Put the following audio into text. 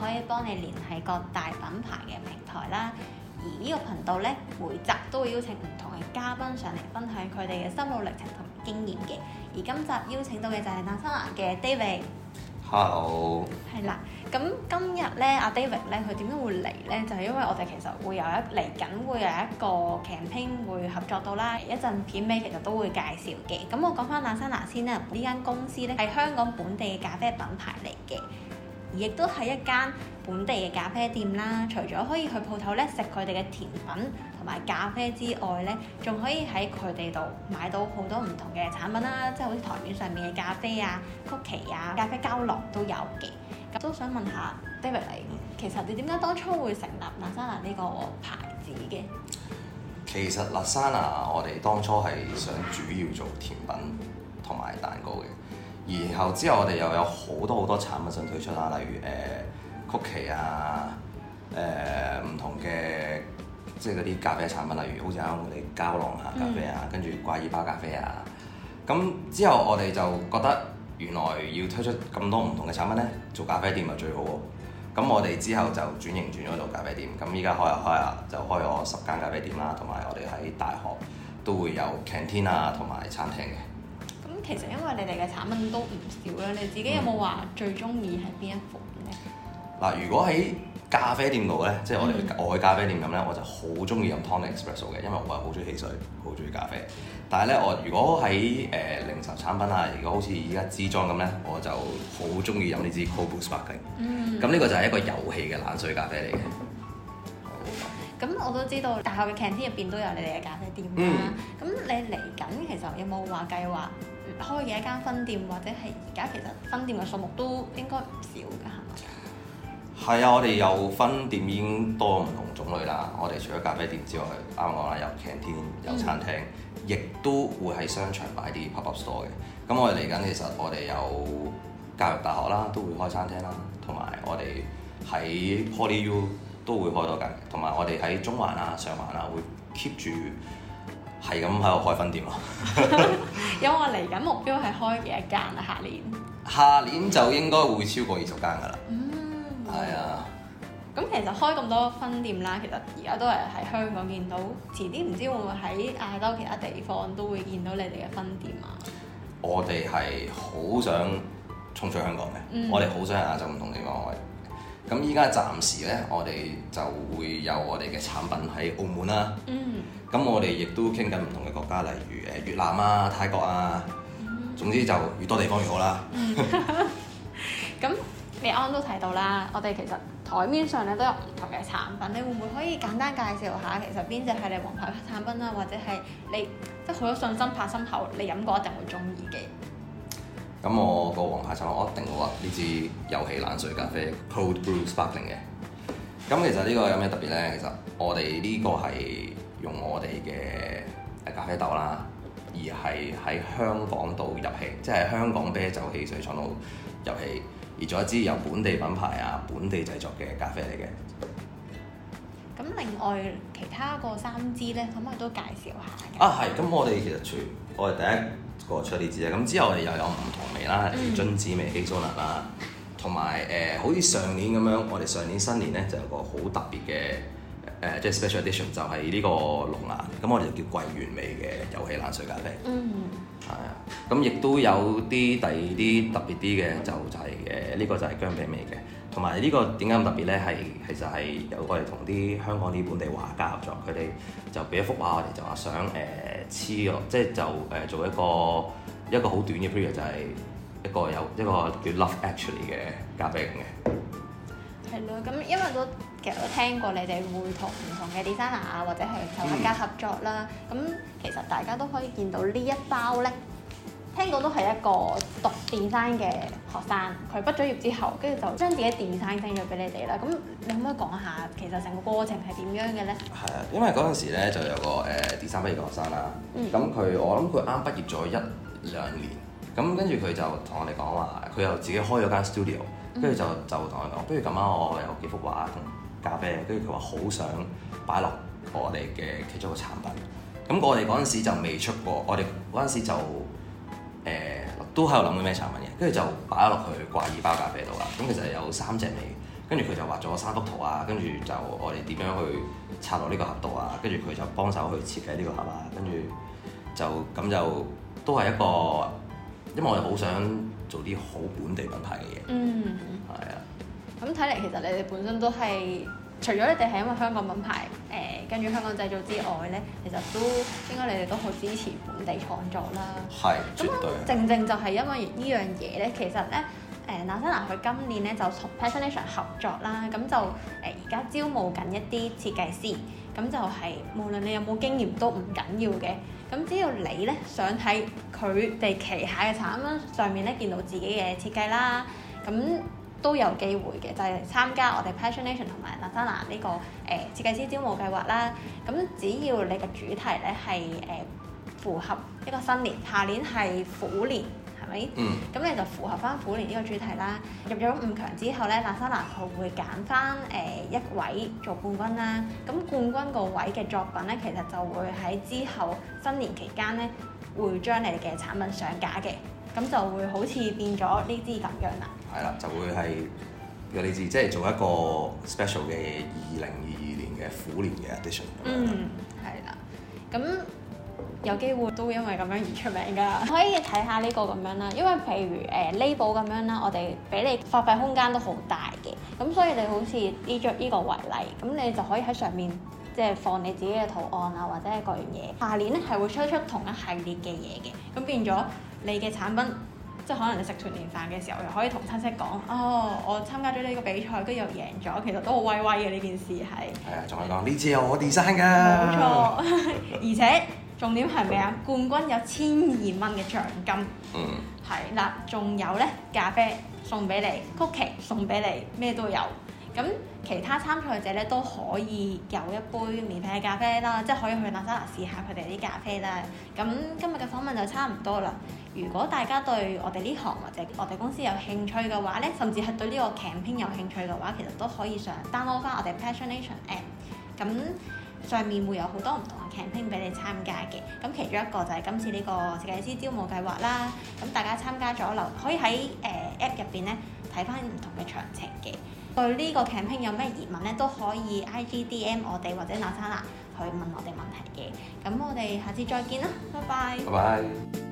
可以幫你聯繫各大品牌嘅平台啦，而呢個頻道咧每集都會邀請唔同嘅嘉賓上嚟分享佢哋嘅心路歷程同經驗嘅。而今集邀請到嘅就係 LASSANA 嘅 David。Hello。係啦，咁今日咧阿 David 咧佢點樣會嚟咧？就係、是、因為我哋其實會有一嚟緊會有一個 campaign 會合作到啦，一陣片尾其實都會介紹嘅。咁我講翻 LASSANA 先啦，呢間公司咧係香港本地嘅咖啡品牌嚟嘅。亦都係一間本地嘅咖啡店啦。除咗可以去鋪頭咧食佢哋嘅甜品同埋咖啡之外咧，仲可以喺佢哋度買到好多唔同嘅產品啦，即係好似枱面上面嘅咖啡啊、曲奇啊、咖啡膠囊都有嘅。咁都想問下 David 嚟，其實你點解當初會成立 LASSANA 呢個牌子嘅？其實 LASSANA 我哋當初係想主要做甜品同埋蛋糕嘅。然後之後我哋又有好多好多產品想推出啊，例如誒、呃、曲奇啊，誒、呃、唔同嘅即係嗰啲咖啡產品，例如好似有我哋膠囊啊咖啡啊，嗯、跟住掛耳包咖啡啊。咁之後我哋就覺得原來要推出咁多唔同嘅產品咧，做咖啡店就最好喎。咁我哋之後就轉型轉咗做咖啡店，咁依家開下開下就開咗十間咖啡店啦，同埋我哋喺大學都會有 canteen 啊同埋餐廳嘅。其實因為你哋嘅產品都唔少啦，你自己有冇話最中意係邊一款咧？嗱、嗯，如果喺咖啡店度咧，即、就、係、是、我哋我外咖啡店飲咧，我就好中意飲 Tonic Espresso 嘅，因為我係好中意汽水、好中意咖啡。但係咧，我如果喺誒、呃、零售產品啊，如果好似而家支裝咁咧，我就好中意飲呢支 Cobos Sparkling。嗯。咁呢個就係一個有氣嘅冷萃咖啡嚟嘅。咁我都知道大學嘅 canteen 入邊都有利利、啊嗯、你哋嘅咖啡店啦。咁你嚟緊其實有冇話計劃開嘅一間分店，或者係而家其實分店嘅數目都應該唔少㗎？係咪？係啊，我哋有分店已經多唔同種類啦。我哋除咗咖啡店之外，啱啱講啦有 canteen 有餐廳，亦、嗯、都會喺商場擺啲 pop up store 嘅。咁我哋嚟緊其實我哋有教育大學啦，都會開餐廳啦，同埋我哋喺 PolyU。都會開多間，同埋我哋喺中環啊、上環啊，會 keep 住係咁喺度開分店咯。 有我嚟緊目標係開幾多間啊？下年下年就應該會超過二十間㗎喇。嗯，係啊。咁其實開咁多分店啦，其實而家都係喺香港見到，遲啲唔知會唔會喺亞洲其他地方都會見到你哋嘅分店啊？我哋係好想沖出香港嘅，嗯、我哋好想喺亞洲唔同地方開。咁依家暫時咧，我哋就會有我哋嘅產品喺澳門啦、啊。嗯。咁、嗯、我哋亦都傾緊唔同嘅國家，例如誒越南啊、泰國啊。嗯。總之就越多地方越好啦。嗯。咁你啱都提到啦，我哋其實枱面上咧都有唔同嘅產品，你會唔會可以簡單介紹下？其實邊隻係你王牌產品啊？或者係你即係好有信心拍心口，你飲過一定會中意嘅。咁我個王牌就我一定會話呢支有氣冷萃咖啡 Cold Brew Sparkling 嘅。咁其實呢個有咩特別呢？其實我哋呢個係用我哋嘅咖啡豆啦，而係喺香港度入氣，即係香港啤酒汽水廠度入氣，而做一支由本地品牌啊、本地製作嘅咖啡嚟嘅。咁另外其他個三支呢，可唔可以都介紹下？紹下啊，係。咁我哋其實全，我哋第一。過出啲字啊！咁之後我哋又有唔同味啦，例如榛子味、喜之能啦，同埋誒，好似上年咁樣，我哋上年新年咧就有個好特別嘅。誒即係 special edition 就係呢個龍眼，咁我哋就叫桂圓味嘅有氣冷萃咖啡。嗯、mm，係啊，咁亦都有啲第二啲特別啲嘅，就就係誒呢個就係薑餅味嘅，同埋呢個點解咁特別咧？係其實係有我哋同啲香港啲本地畫家合作，佢哋就俾一幅畫我，我哋就話想誒黐咗，即係就誒、呃、做一個一個好短嘅 pre 就係一個有一個叫 Love Actually 嘅咖啡嘅。係咯，咁因為我、那個。我聽過你哋會同唔同嘅 designer 或者係設計家合作啦。咁、嗯、其實大家都可以見到呢一包咧，聽到都係一個讀 design 嘅學生，佢畢咗業之後，跟住就將自己 design 拎咗俾你哋啦。咁你可唔可以講下其實成個過程係點樣嘅咧？係啊，因為嗰陣時咧就有個誒、呃、design 畢業嘅學生啦。咁佢、嗯、我諗佢啱畢業咗一兩年，咁跟住佢就同我哋講話，佢又自己開咗間 studio，跟住就就同我講，不如咁啱我有幾幅畫。咖啡，跟住佢話好想擺落我哋嘅其中一個產品。咁我哋嗰陣時就未出過，我哋嗰陣時就誒、呃、都喺度諗緊咩產品嘅，跟住就擺落去掛耳包咖啡度啦。咁其實有三隻味，跟住佢就畫咗三幅圖啊，跟住就我哋點樣去插落呢個盒度啊，跟住佢就幫手去設計呢個盒啊，跟住就咁就都係一個，因為我哋好想做啲好本地品牌嘅嘢，嗯，係啊。咁睇嚟，其實你哋本身都係，除咗你哋係因為香港品牌，誒、呃、跟住香港製造之外咧，其實都應該你哋都好支持本地創作啦。係是，絕那對。正正就係因為呢樣嘢咧，其實咧，誒 LASSANA 佢今年咧就同 Passionation 合作啦，咁就誒而家招募緊一啲設計師，咁就係、是、無論你有冇經驗都唔緊要嘅，咁只要你咧想喺佢哋旗下嘅產品上面咧見到自己嘅設計啦，咁。都有機會嘅，就係、是、參加我哋 Passionation 同埋 Lassana、這、呢個誒、呃、設計師招募計劃啦。咁只要你嘅主題咧係誒符合一個新年，下年係虎年，係咪？嗯。咁你就符合返虎年呢個主題啦。入咗五強之後咧，Lassana 佢會揀返誒一位做冠軍啦。咁冠軍個位嘅作品咧，其實就會喺之後新年期間咧，會將你哋嘅產品上架嘅。咁就會好似變咗呢支咁樣啦。係啦，就會係有你字，即係做一個 special 嘅二零二二年嘅虎年嘅 edition。嗯，係啦。咁有機會都因為咁樣而出名㗎。 可以睇下呢個咁樣啦，因為譬如誒、呃、label 咁樣啦，我哋俾你發揮空間都好大嘅。咁所以你好似呢呢個為例，咁你就可以喺上面即係放你自己嘅圖案啊，或者係各樣嘢。下年咧係會推出同一系列嘅嘢嘅，咁變咗。你嘅產品即係可能你食團年飯嘅時候，又可以同親戚講：哦，我參加咗呢個比賽，跟住又贏咗，其實都好威威嘅呢件事係。係啊，仲係講呢次有我哋生㗎，冇錯。而且重點係咩啊？嗯、冠軍有千二蚊嘅獎金。嗯。係啦，仲有咧，咖啡送俾你，曲奇送俾你，咩都有。咁其他參賽者咧都可以有一杯免費嘅咖啡啦，即係可以去 LASSANA 試下佢哋啲咖啡啦。咁今日嘅訪問就差唔多啦。如果大家對我哋呢行或者我哋公司有興趣嘅話咧，甚至係對呢個 campaign 有興趣嘅話，其實都可以上 download 翻我哋 Passionation App。咁上面會有好多唔同嘅 campaign 俾你參加嘅。咁其中一個就係今次呢個設計師招募計劃啦。咁大家參加咗留可以喺誒、呃、App 入邊咧睇翻唔同嘅詳情嘅。對呢個 campaign 有咩疑問咧，都可以 IGDM 我哋或者 Lassana 去問我哋問題嘅。咁我哋下次再見啦，拜拜。拜拜